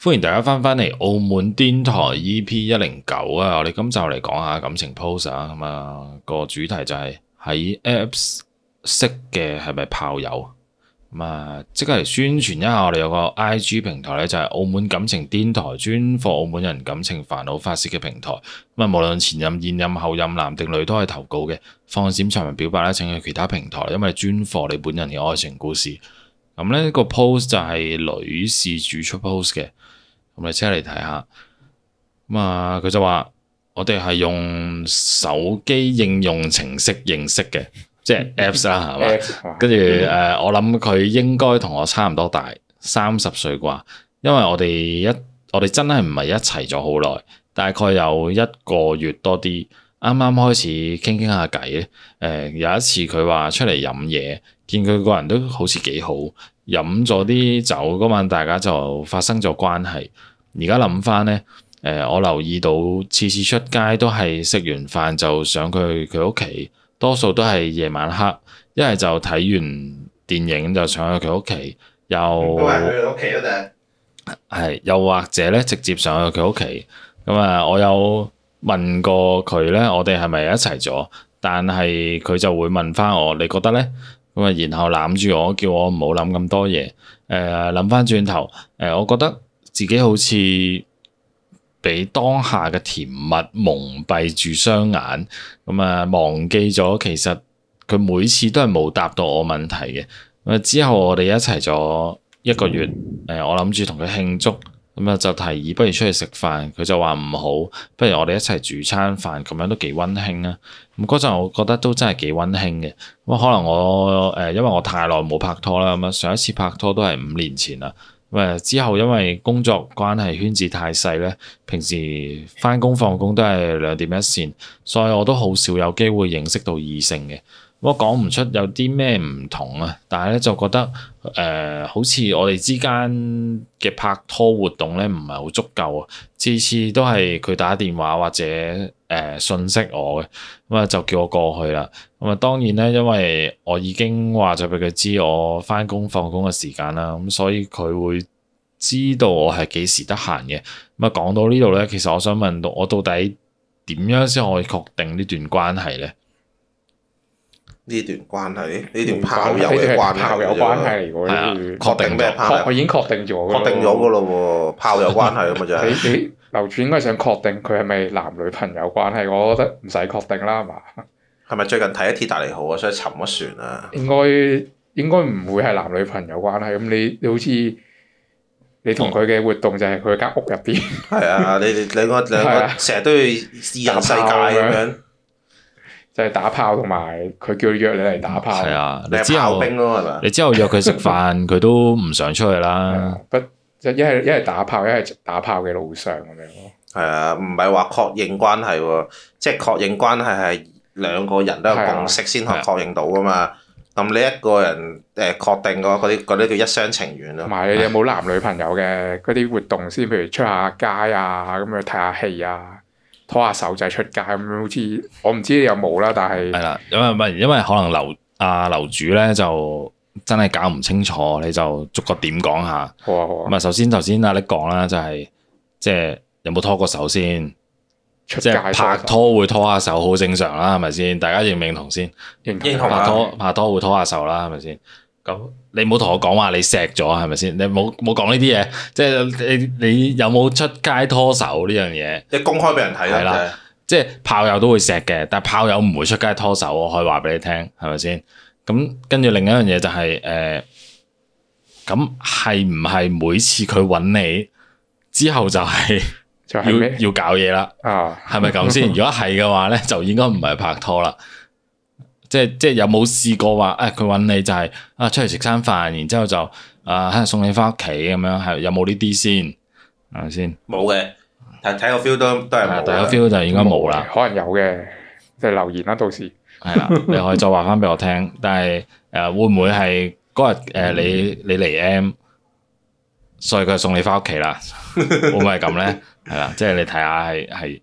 歡迎大家翻返嚟《澳門癲台 EP 一零九》啊！我哋今集就嚟講下感情 post 啊，咁啊個主題就係喺 Apps 識嘅係咪炮友？咁啊即刻嚟宣傳一下，我哋有個 IG 平台咧，就係、是、澳門感情癲台，專放澳門人感情煩惱發洩嘅平台。咁啊，無論前任、現任、後任，男定女都可以投稿嘅。放閃傳聞表白咧，請去其他平台，因為專放你本人嘅愛情故事。咁呢個 post 就係女事主出 post 嘅。我哋車嚟睇下，咁啊，佢就話我哋係用手機應用程式認識嘅，即係 Apps 啦，係嘛？ 跟住誒， 我諗佢應該同我差唔多大，三十歲啩，因為我哋一我哋真係唔係一齊咗好耐，大概有一個月多啲，啱啱開始傾傾下偈誒，有一次佢話出嚟飲嘢，見佢個人都好似幾好。飲咗啲酒嗰晚，大家就發生咗關係。而家諗翻呢，誒、呃，我留意到次次出街都係食完飯就上佢佢屋企，多數都係夜晚黑。一係就睇完電影就上去佢屋企，又係又或者咧直接上去佢屋企。咁啊，我有問過佢呢，我哋係咪一齊咗？但係佢就會問翻我，「你覺得呢？」咁啊，然後攬住我，叫我唔好諗咁多嘢。誒、呃，諗翻轉頭，誒、呃，我覺得自己好似俾當下嘅甜蜜蒙蔽住雙眼，咁、呃、啊，忘記咗其實佢每次都係冇答到我問題嘅。之後我哋一齊咗一個月，誒、呃，我諗住同佢慶祝。咁啊就提議，不如出去食飯。佢就話唔好，不如我哋一齊煮餐飯，咁樣都幾温馨啊！咁嗰陣我覺得都真係幾温馨嘅。咁可能我誒、呃、因為我太耐冇拍拖啦，咁啊上一次拍拖都係五年前啦。咁之後因為工作關係圈子太細咧，平時返工放工都係兩點一線，所以我都好少有機會認識到異性嘅。我講唔出有啲咩唔同啊，但係咧就覺得誒、呃、好似我哋之間嘅拍拖活動咧唔係好足夠，次次都係佢打電話或者誒、呃、信息我嘅，咁啊就叫我過去啦。咁啊當然咧，因為我已經話咗俾佢知我返工放工嘅時間啦，咁所以佢會知道我係幾時得閒嘅。咁啊講到呢度咧，其實我想問到我到底點樣先可以確定呢段關係咧？呢段關係，呢段炮友，段炮友關係，炮友關係嚟嘅，確、啊、定咩？我已經確定咗，確定咗嘅咯喎，炮友關係咁嘛就係。 你你樓主應該想確定佢係咪男女朋友關係？我覺得唔使確定啦，係咪？最近睇《鐵達尼號》，啊，想沉咗船啊？應該應該唔會係男女朋友關係咁，你你好似你同佢嘅活動就係佢間屋入邊。係 啊，你你兩個兩個成日都要二人世界咁樣。就係打炮同埋，佢叫約你嚟打炮。係啊，你之後，兵咯係嘛，你之後約佢食飯，佢 都唔想出去啦、啊。不，即一係一係打炮，一係打炮嘅路上咁樣咯。係啊，唔係話確認關係喎，即係確認關係係兩個人都有共識先可確認到噶嘛。咁、啊啊、你一個人誒確定嘅話，嗰啲啲叫一廂情願是啊。唔係，你哋有冇男女朋友嘅嗰啲活動先？譬如出下街啊，咁樣睇下戲啊。拖下手就係出街咁樣，好似我唔知你有冇啦，但係係啦，因為唔因為可能樓啊樓主咧就真係搞唔清楚，你就逐個點講下好、啊。好啊好啊。咁啊，首先頭先阿力講啦，就係、是、即係有冇拖過手先，即係拍拖會拖下手，好正常啦，係咪先？大家認唔認同先？認認同拍拖拍拖會拖下手啦，係咪先？你冇同我講話你錫咗係咪先？你冇冇講呢啲嘢，即係你你有冇出街拖手呢樣嘢？你公開俾人睇啦，係啦即係炮友都會錫嘅，但係炮友唔會出街拖手，我可以話俾你聽，係咪先？咁跟住另一樣嘢就係、是、誒，咁係唔係每次佢揾你之後就係要就要，要搞嘢啦？啊是是，係咪咁先？如果係嘅話呢，就應該唔係拍拖啦。即係即係有冇試過話，誒佢揾你就係啊出嚟食餐飯，然之後就誒送你翻屋企咁樣係，有冇呢啲先？係先冇嘅，但睇個 feel 都都係冇嘅。feel 就應該冇啦，可能有嘅即係留言啦，到時，係啦，你可以再話翻俾我聽。但係誒會唔會係嗰日誒你你嚟 M，所以佢送你翻屋企啦？會唔會係咁咧？係啦，即係你睇下係係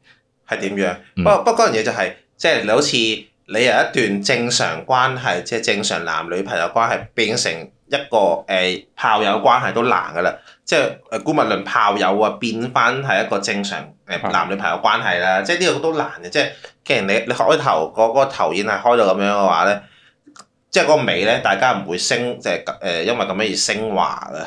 係點樣？不過不過嗰樣嘢就係即係你好似。你由一段正常關係，即係正常男女朋友關係，變成一個誒、欸、炮友關係都難噶啦。即係誒姑勿論炮友啊，變返係一個正常誒男女朋友關係啦的。即係呢個都難嘅，即係既然你你，那個那個，開頭嗰個頭已經係開咗咁樣嘅話咧，即係嗰尾咧，大家唔會升，即係誒因為咁樣而升華嘅。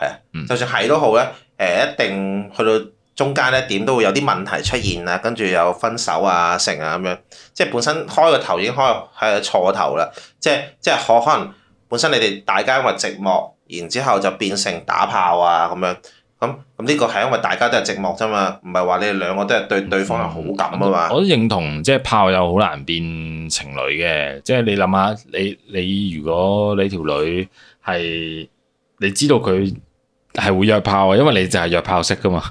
係啊，嗯、就算係都好咧，誒、欸、一定去到。中間咧點都會有啲問題出現啊，跟住又分手啊成啊咁樣，即係本身開個頭已經開係錯頭啦，即係即係可可能本身你哋大家因為寂寞，然之後就變成打炮啊咁樣，咁咁呢個係因為大家都係寂寞啫嘛，唔係話你哋兩個都係對對方有好感啊嘛。嗯，我都認同即係炮友好難變情侶嘅，即係你諗下，你你如果你條女係你知道佢。係會約炮啊，因為你就係約炮識噶嘛，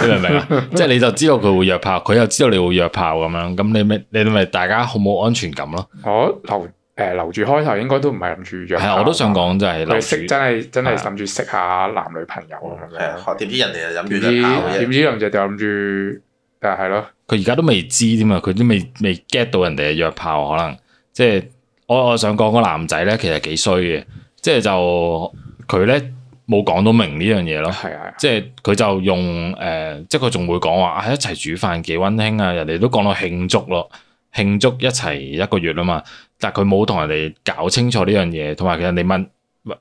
你明唔明啊？即係你就知道佢會約炮，佢又知道你會約炮咁樣，咁你咩？你咪大家好冇安全感咯。我留誒留住開頭，應該都唔係諗住約係啊。我都想講就係識真係真係諗住識下男女朋友咁樣。點知人哋又諗住點知人就諗住但係咯。佢而家都未知添嘛，佢都未未 get 到人哋係約炮可能。即係我我想講個男仔咧，其實幾衰嘅，即係就佢咧。冇講到明呢樣嘢咯，係啊、 呃，即係佢就用誒，即係佢仲會講話啊，一齊煮飯幾溫馨啊，人哋都講到慶祝咯，慶祝一齊一個月啊嘛，但係佢冇同人哋搞清楚呢樣嘢，同埋其實你問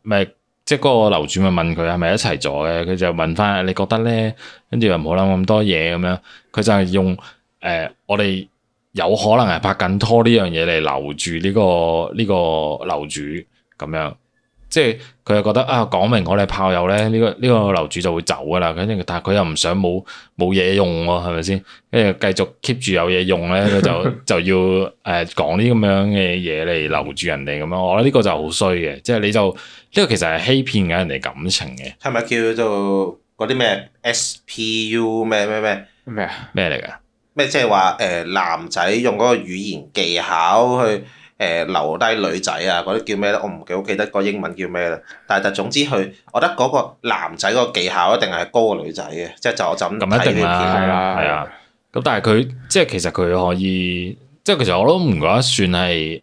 咪、呃、即係嗰個樓主咪問佢係咪一齊咗嘅？佢就問翻你覺得呢？跟住又唔好諗咁多嘢咁樣，佢就係用誒、呃，我哋有可能係拍緊拖呢樣嘢嚟留住呢個呢個樓主咁樣。即係佢又覺得啊，講明我哋炮友咧，呢個呢個樓主就會走噶啦。咁樣，但係佢又唔想冇冇嘢用喎、啊，係咪先？跟住繼續 keep 住有嘢用咧，佢就就要誒講啲咁樣嘅嘢嚟留住人哋咁樣。我覺得呢個就好衰嘅，即係你就呢個其實係欺騙緊人哋感情嘅。係咪叫做嗰啲咩 SPU 咩咩咩咩咩嚟㗎？咩即係話誒男仔用嗰個語言技巧去？誒、呃、留低女仔啊！嗰啲叫咩咧？我唔幾好記得個英文叫咩啦。但係就總之佢，我覺得嗰個男仔個技巧一定係高過女仔嘅，即係就就咁。咁一定啦，係啊。咁、啊啊啊、但係佢即係其實佢可以，即係其實我都唔覺得算係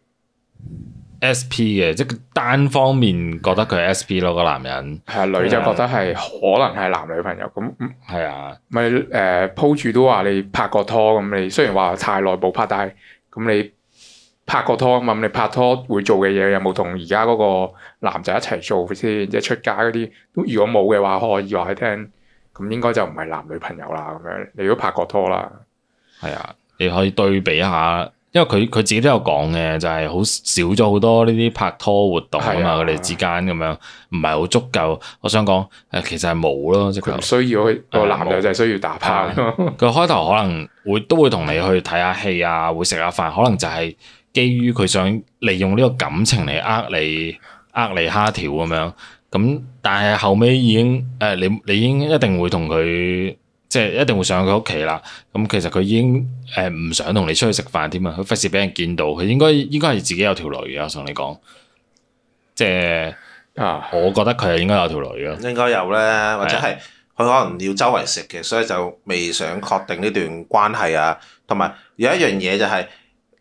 SP 嘅，即係單方面覺得佢係 SP 咯，個男人。係啊，女就、啊、覺得係可能係男女朋友咁。係啊，咪誒 po 主都話你拍過拖咁，你雖然話太耐冇拍，低。咁你。拍過拖啊嘛，咁你拍拖會做嘅嘢有冇同而家嗰個男仔一齊做先？即係出街嗰啲，如果冇嘅話，可以話佢聽。咁應該就唔係男女朋友啦。咁樣你如果拍過拖啦，係啊，你可以對比一下，因為佢佢自己都有講嘅，就係、是、好少咗好多呢啲拍拖活動啊嘛，佢哋之間咁樣唔係好足夠。我想講誒，其實係冇咯，即佢唔需要去、嗯、個男仔就係需要打炮。佢、嗯嗯、 開頭可能會都會同你去睇下戲啊，會食下飯，可能就係、是。基於佢想利用呢個感情嚟，呃你，呃你蝦條咁樣，咁但係後尾已經誒、呃，你你已經一定會同佢，即係一定會上佢屋企啦。咁其實佢已經誒唔、呃、想同你出去食飯添啊，佢費事俾人見到，佢應該應該係自己有條女啊。我同你講，即係啊，我覺得佢應該有條女咯。應該有咧，或者係佢可能要周圍食嘅，所以就未想確定呢段關係啊。同埋有，有一樣嘢就係、是。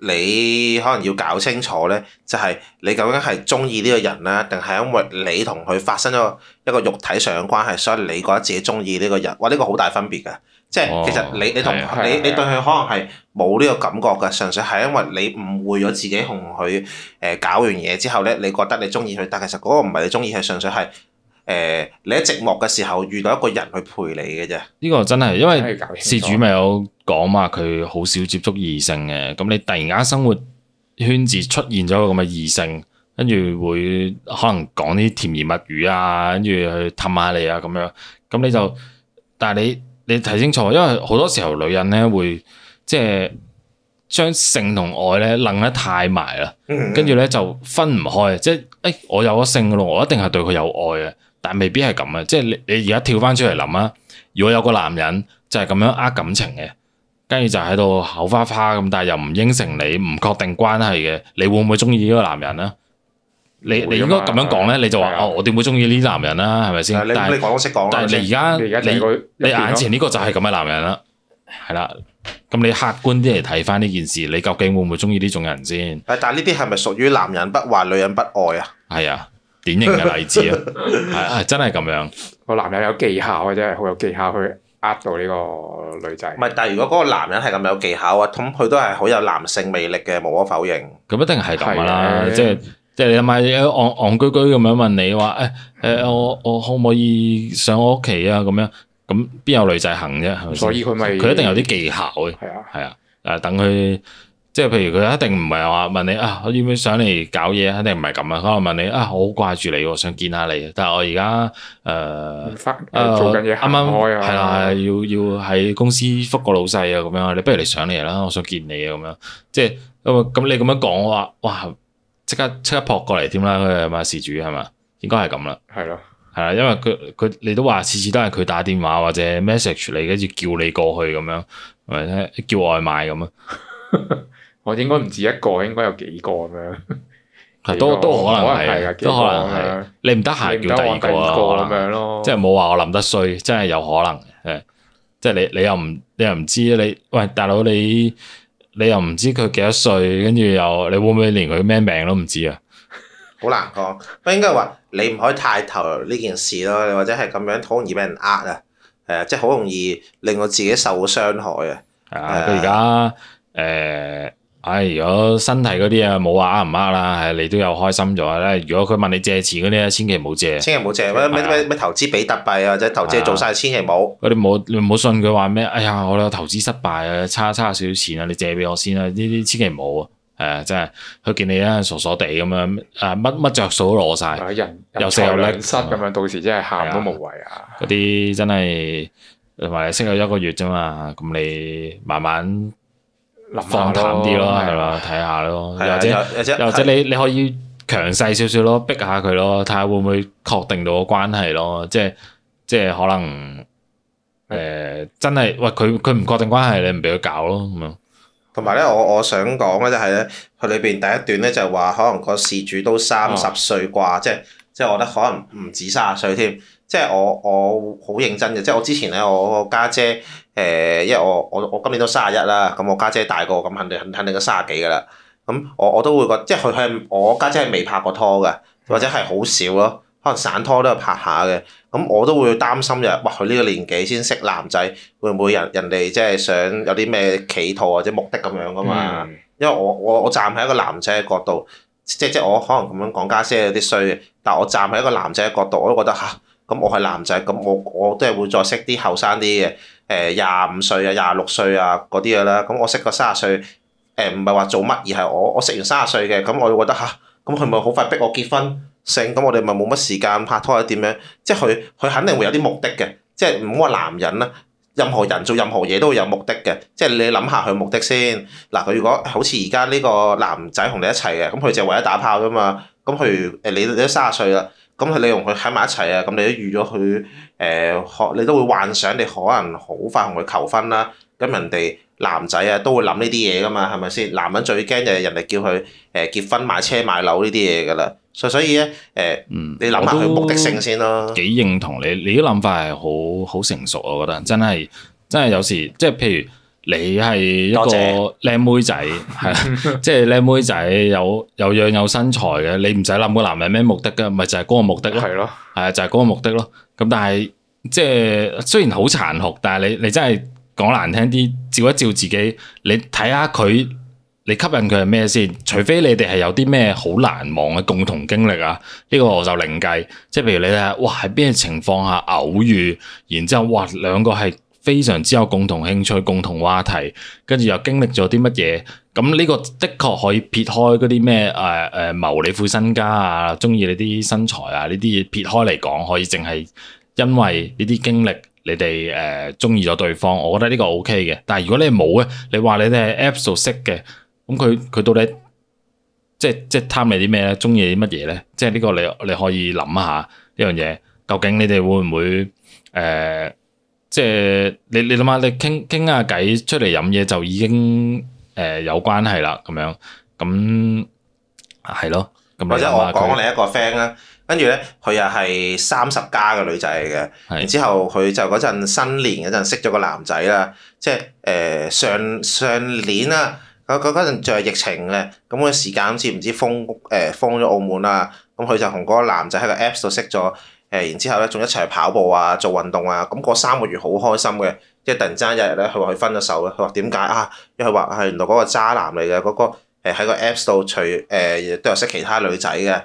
你可能要搞清楚咧，就係、是、你究竟係中意呢個人啦，定係因為你同佢發生咗一個肉體上嘅關係，所以你覺得自己中意呢個人？哇，呢、這個好大分別㗎！即係其實你你同、哦、你你對佢可能係冇呢個感覺㗎，純粹係因為你誤會咗自己同佢誒搞完嘢之後咧，你覺得你中意佢，但其實嗰個唔係你中意，係純粹係。誒、呃，你喺寂寞嘅時候遇到一個人去陪你嘅啫。呢個真係，因為事主咪有講話，佢好少接觸異性嘅。咁你突然間生活圈子出現咗咁嘅異性，跟住會可能講啲甜言蜜語啊，跟住去氹下你啊咁樣。咁你就，但係你你睇清楚，因為好多時候女人咧會即係將性同愛咧諗得太埋啦，跟住咧就分唔開。即係誒、哎，我有咗性嘅咯，我一定係對佢有愛嘅。但未必係咁啊！即係你你而家跳翻出嚟諗啊！如果有個男人就係咁樣呃感情嘅，跟住就喺度口花花咁，但係又唔應承你，唔確定關係嘅，你會唔會中意呢個男人咧？你你應該咁樣講咧，你就話係哦，我點會中意呢啲男人啦？係咪先？但係你但你講都識講。但係你而家你你眼前呢個就係咁嘅男人啦，係啦。咁你，你客觀啲嚟睇翻呢件事，你究竟會唔會中意呢種人先？但係呢啲係咪屬於男人不壞女人不愛啊？係啊。典型嘅例子啊，係啊， 真係咁樣個男人有技巧或者係好有技巧去呃到呢個女仔。唔係，但係如果嗰個男人係咁有技巧啊，咁佢都係好有男性魅力嘅，無可否認。咁一定係咁噶啦，的即係即係你咪，戇戇居居咁樣問你話，誒、欸、誒，我我可唔可以上我屋企啊？咁樣咁邊有女仔肯啫？所以佢咪佢一定有啲技巧嘅。係啊係啊，誒等佢。即係譬如佢一定唔係話問你啊，我要唔要上嚟搞嘢啊？肯定唔係咁啊。可能問你啊，我好掛住你，我想見下你。但係我而家誒做緊嘢、啊，啱啱係啦，要要喺公司覆個老細啊，咁樣你不如嚟上嚟啦，我想見你啊，咁樣即係咁你咁樣講話，哇！即刻即刻撲過嚟添啦，佢係咪事主係嘛？應該係咁啦。係咯的，係啊，因為佢佢你都話次次都係佢打電話或者 message 你，跟住叫你過去咁樣，或者叫外賣咁啊。我應該唔止一個，應該有幾個咁樣。都都可能係，都可能係。你唔得閒叫第二個咁樣咯。能即係冇話我諗得衰，真係有可能嘅。誒，即係你你又唔你又唔知你，喂大佬，你你又唔知佢幾多歲，跟住又你會唔會連佢咩名都唔知啊？好難講，應該話你唔可以太投入呢件事咯，或者係咁樣好容易俾人呃啊。係，即係好容易令我自己受傷害啊。係啊，佢而家誒。呃係如果身體嗰啲啊冇話啱唔啱啦，係你都有開心咗啦。如果佢問你借錢嗰啲咧，千祈唔好借。千祈唔好借，咩咩咩投資比特幣或者投資做晒，哎、呀千祈唔好。啲冇你唔好信佢話咩？哎呀，我哋投資失敗啊，差差少少錢啊，你借俾我先啦。呢啲千祈唔好啊！誒、哎，真係佢見你啊傻傻地咁樣誒，乜乜着數都攞曬，又蝕又 loss 咁樣，到時真係喊都無謂啊！嗰啲、哎、真係同埋識咗一個月啫嘛，咁你慢慢。放淡啲咯，係嘛？睇下咯，又或者又或者你你可以強勢少少咯，逼下佢咯，睇下會唔會確定到個關係咯？即係即係可能誒、呃，真係喂佢佢唔確定關係，你唔俾佢搞咯咁樣。同埋咧，我我想講咧就係咧，佢裏邊第一段咧就話可能個事主都三十歲啩，即係即係我覺得可能唔止三十歲添。即係我我好認真嘅，即係我之前咧我個家姐。誒，因為我我我今年都三十一啦，咁我家姐，姐大個，咁肯定肯定都三十幾噶啦。咁我我都會覺得，即係佢佢我家姐係未拍過拖嘅，或者係好少咯，可能散拖都有拍下嘅。咁我都會擔心嘅，哇！佢呢個年紀先識男仔，會唔會人人哋即係想有啲咩企圖或者目的咁樣噶嘛？嗯、因為我我我站喺一個男仔嘅角度，即即我可能咁樣講家姐，姐有啲衰，嘅，但係我站喺一個男仔嘅角度，我都覺得嚇。啊。咁我係男仔，咁我我都係會再識啲後生啲嘅，誒廿五歲啊、廿六歲啊嗰啲嘅啦。咁我識個三十歲，誒唔係話做乜，而係我我識完三十歲嘅，咁我會覺得吓，咁佢咪好快逼我結婚，性咁我哋咪冇乜時間拍拖或者點樣？即係佢佢肯定會有啲目的嘅，即係唔好話男人啦，任何人做任何嘢都會有目的嘅。即係你諗下佢目的先。嗱佢如果好似而家呢個男仔同你一齊嘅，咁佢就為咗打炮㗎嘛。咁佢誒你你都三十歲啦。咁你同佢喺埋一齊啊，咁你都預咗佢，誒、呃、可你都會幻想你可能好快同佢求婚啦。咁人哋男仔啊都會諗呢啲嘢噶嘛，係咪先？男人最驚就係人哋叫佢誒結婚買車買樓呢啲嘢噶啦。所以所以咧，誒、呃，嗯、你諗下佢目的性先啦。幾認同你，你啲諗法係好好成熟，我覺得真係真係有時即係譬如。你係一個靚妹仔，係即係靚妹仔，有有樣有身材嘅，你唔使諗個男人咩目的㗎，咪就係嗰個目的咯。係咯，係啊，就係嗰個目的咯。咁但係即係雖然好殘酷，但係你你真係講難聽啲，照一照自己，你睇下佢，你吸引佢係咩先？除非你哋係有啲咩好難忘嘅共同經歷啊，呢個我就另計。即係譬如你係哇，喺邊個情況下偶遇，然之後哇兩個係。非常之有共同興趣、共同話題，跟住又經歷咗啲乜嘢，咁呢個的確可以撇開嗰啲咩誒誒謀你副身家啊，中意你啲身材啊呢啲撇開嚟講，可以淨係因為呢啲經歷，你哋誒中意咗對方，我覺得呢個 O K 嘅。但係如果你冇啊，你話你哋喺 Apps 度識嘅，咁佢佢到底即係即係貪你啲咩咧？中意啲乜嘢咧？即係呢個你你可以諗下呢樣嘢，究竟你哋會唔會誒？呃即係你你諗下，你傾傾下偈出嚟飲嘢就已經誒、呃、有關係啦咁樣，咁係咯。或者我講我另一個 friend 啦，跟住咧佢又係三十加嘅女仔嘅，然，後然後之後佢就嗰陣新年嗰陣識咗個男仔啦，即係誒、呃、上上年啊，嗰嗰陣就係疫情咧，咁、那、嘅、個、時間好似唔知封誒、呃、封咗澳門啦，咁佢就同嗰個男仔喺個 Apps 度識咗。誒，然之後咧，仲一齊跑步啊，做運動啊，咁過三個月好開心嘅，即係突然之間一日咧，佢話佢分咗手啦，佢話點解啊？因為佢話係原來嗰個渣男嚟嘅，嗰、嗰個喺、呃、個 Apps 度除誒、呃、都有識其他女仔嘅，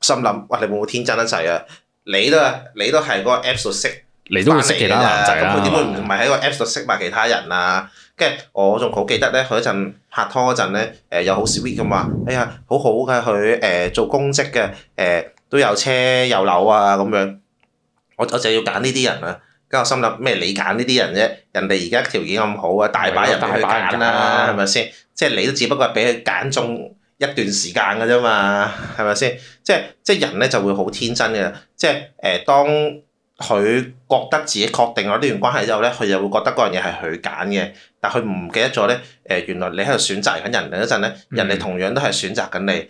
心諗哇，你會唔會天真得滯啊？你都係你都係嗰個 Apps 度識，你都識你會識其他男仔啊，咁佢點會唔係喺個 Apps 度識埋其他人啊？嗯跟住我仲好記得咧，佢嗰陣拍拖嗰陣咧，誒又好 sweet 咁話，哎呀好好嘅佢誒做公職嘅，誒、呃、都有車有樓啊咁樣。我我就要揀呢啲人，對人啊，跟住我心諗咩你揀呢啲人啫？人哋而家條件咁好啊，大把人去揀啦，係咪先？即係你都只不過係俾佢揀中一段時間嘅啫嘛，係咪先？即係即係人咧就會好天真嘅，即係誒、呃、當。佢覺得自己確定咗呢段關係之後咧，佢又會覺得嗰樣嘢係佢揀嘅，但佢唔記得咗咧。誒、呃，原來你喺度選擇緊人，嗰一陣咧，人哋同樣都係選擇緊你。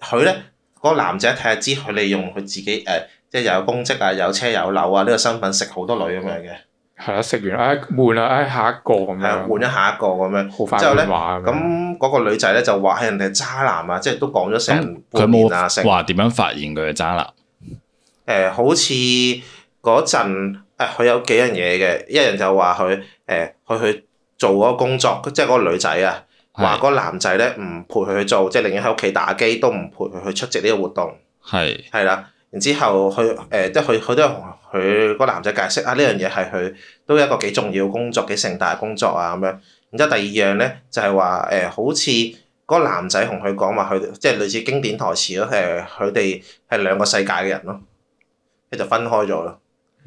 佢咧、嗯、嗰、那個男仔睇下知，佢利用佢自己誒、呃，即係又有公職啊，有車有樓啊，呢、這個身份食好多女咁樣嘅。係啊的，食、嗯、完誒、哎、換啊，下一個咁樣。係啊，換一下一個咁樣。之後咧，咁嗰個女仔咧就話係人哋渣男啊，即係都講咗成半面啊，成。話點樣發現佢係渣男？誒、 呃，好似。嗰陣，誒佢有幾樣嘢嘅，一樣就話佢誒佢去做嗰個工作，即係嗰個女仔啊，話嗰個男仔咧唔陪佢去做，是的 即係寧願喺屋企打機，都唔陪佢去出席呢個活動。係係啦，然之後佢誒，即係佢佢都同佢嗰個男仔解釋是的 啊，呢樣嘢係佢都一個幾重要工作、幾盛大工作啊咁樣。然之後第二樣咧就係話誒，好似嗰個男仔同佢講話，佢即係類似經典台詞咯，誒佢哋係兩個世界嘅人咯，佢就分開咗咯。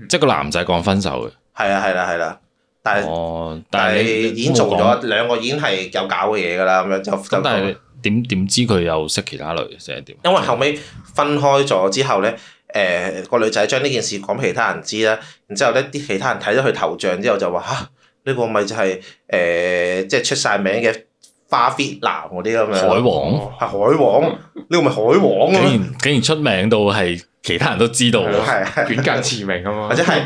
即係個男仔講分手嘅，係啊係啦係啦，但係、哦、但係已經做咗，兩你個已經係有搞嘅嘢㗎啦，咁樣就咁。就但係點點知佢又識其他女，嘅？定係點？因為後尾分開咗之後咧，誒、呃、個女仔將呢件事講畀其他人知啦，然之後咧啲其他人睇咗佢頭像之後就話嚇，呢、啊這個咪就係、是、誒、呃、即係出晒名嘅花弗男嗰啲咁樣，海王係、這個、海王呢，呢個咪海王竟然竟然出名到係。其他人都知道喎，遠近馳名啊嘛。 或者係，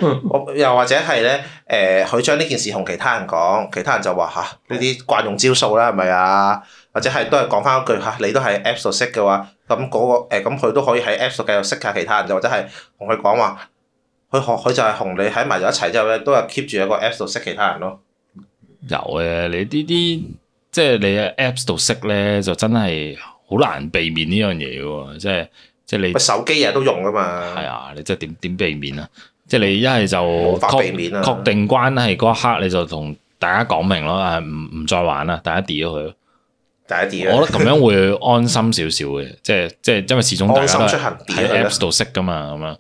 又或者係咧，誒、呃，佢將呢件事同其他人講，其他人就話嚇，呢啲慣用招數啦，係咪啊？或者係都係講翻一句嚇，啊，你都喺 Apps 度識嘅話，咁嗰，那個咁佢，呃、都可以喺 Apps 度繼續識下其他人，或者係同佢講話，佢學佢就係同你喺埋咗一齊之後咧，都係 keep 住喺個 Apps 度識其他人咯。有嘅，你，你呢啲即係你喺 Apps 度識咧，就真係好難避免呢樣嘢喎，即係。即係你手機日都用噶嘛？係啊，你即係點點避免啊？即係你一係就，無法避免啊！確定關係嗰一刻，你就同大家講明咯，誒，唔唔再玩啦，大家 delete 佢咯，大家 delete。我覺得咁樣會安心少少嘅，即係即係，因為始終大家喺 Apps 度識噶嘛，咁樣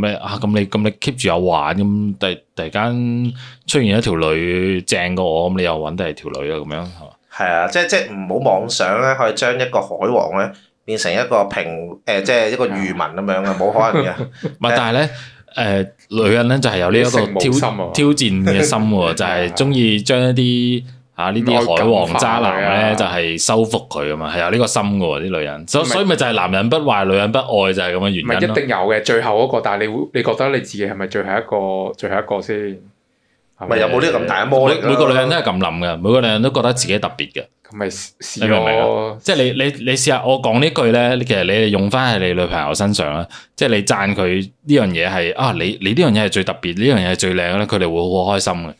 咁你啊，咁你咁你 keep 住有玩咁，第突然間出現一條女正過我，咁你又搵第二條女啊，咁樣係嘛？係啊，即係即係唔好妄想咧，可以將一個海王咧。變成一個平誒，即、呃、係、就是、一個漁民咁樣嘅，冇可能嘅。唔係， 但係咧，誒女人咧就係、是、有呢一個挑、啊、挑戰嘅心喎、啊，就係鍾意將一啲嚇呢啲海王渣男咧，就係、是、收服佢㗎嘛，係有呢個心嘅、啊、喎，啲女人所所以咪就係男人不壞，女人不愛就係咁嘅原因、啊。一定有嘅，最後一、那個，但係你你覺得你自己係咪最後一個？最後一個先。咪有冇啲咁大嘅魔力？、啊、每，每個女人都係咁諗嘅，每個女人都覺得自己特別嘅。咁咪試咯，即係你我你你，你試下，我講呢句咧，其實你哋用翻喺你女朋友身上啦，即、就、係、是、你讚佢呢樣嘢係啊，你你呢樣嘢係最特別，呢樣嘢係最靚咧，佢哋會好開心嘅。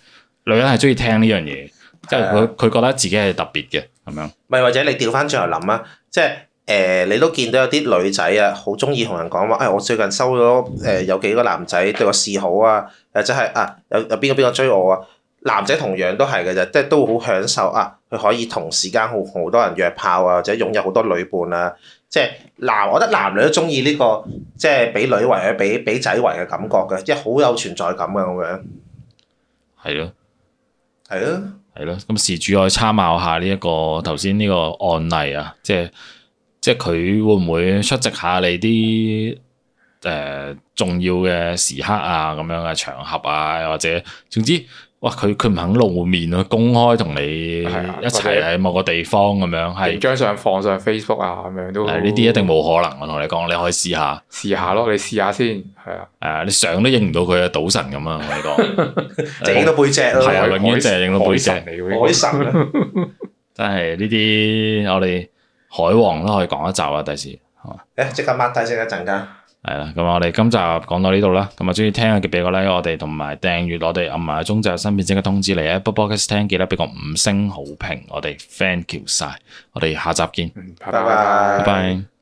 女人係中意聽呢樣嘢，即係佢佢覺得自己係特別嘅咁樣。咪或者你調翻轉頭諗啊，即係。誒、呃，你都見到有啲女仔啊，好中意同人講話，誒、哎，我最近收咗誒、呃、有幾個男仔對我示好啊，誒、就是，就係啊，有有邊個邊個追我啊？男仔同樣都係嘅啫，即係都好享受啊，佢可以同時間好好多人約炮啊，或者擁有好多女伴啊，即係男，我覺得男女都中意呢個，即係俾女圍啊，俾俾仔圍嘅感覺嘅，即係好有存在感嘅咁樣。係咯。係咯。係咯，咁事主可以參考下呢、這、一個頭先呢個案例啊，即係。即係佢會唔會出席下你啲誒重要嘅時刻啊咁樣嘅場合啊，或者總之，哇佢佢唔肯露面咯，公開同你一齊喺的某個地方咁樣，係張相放上 Facebook 啊咁樣都、哎，誒呢啲一定冇可能。我同你講，你可以試下，試下咯，你試下先，係啊，誒你相都影唔到佢啊，賭神咁啊，我同你講，淨影到背脊咯，永遠淨係影到背脊你嘅神，海神、啊。真係呢啲我哋。海王都可以講一集啊！第時，誒即刻抹低先一陣間。係啦，咁我哋今集講到呢度啦。咁啊，中意聽嘅俾個 like，我哋同埋訂閱我哋，暗埋鐘仔新片種嘅通知你。咧。Podcast 聽見咧，俾個五星好評，我哋 thank you 曬。我哋下集見，拜拜，拜。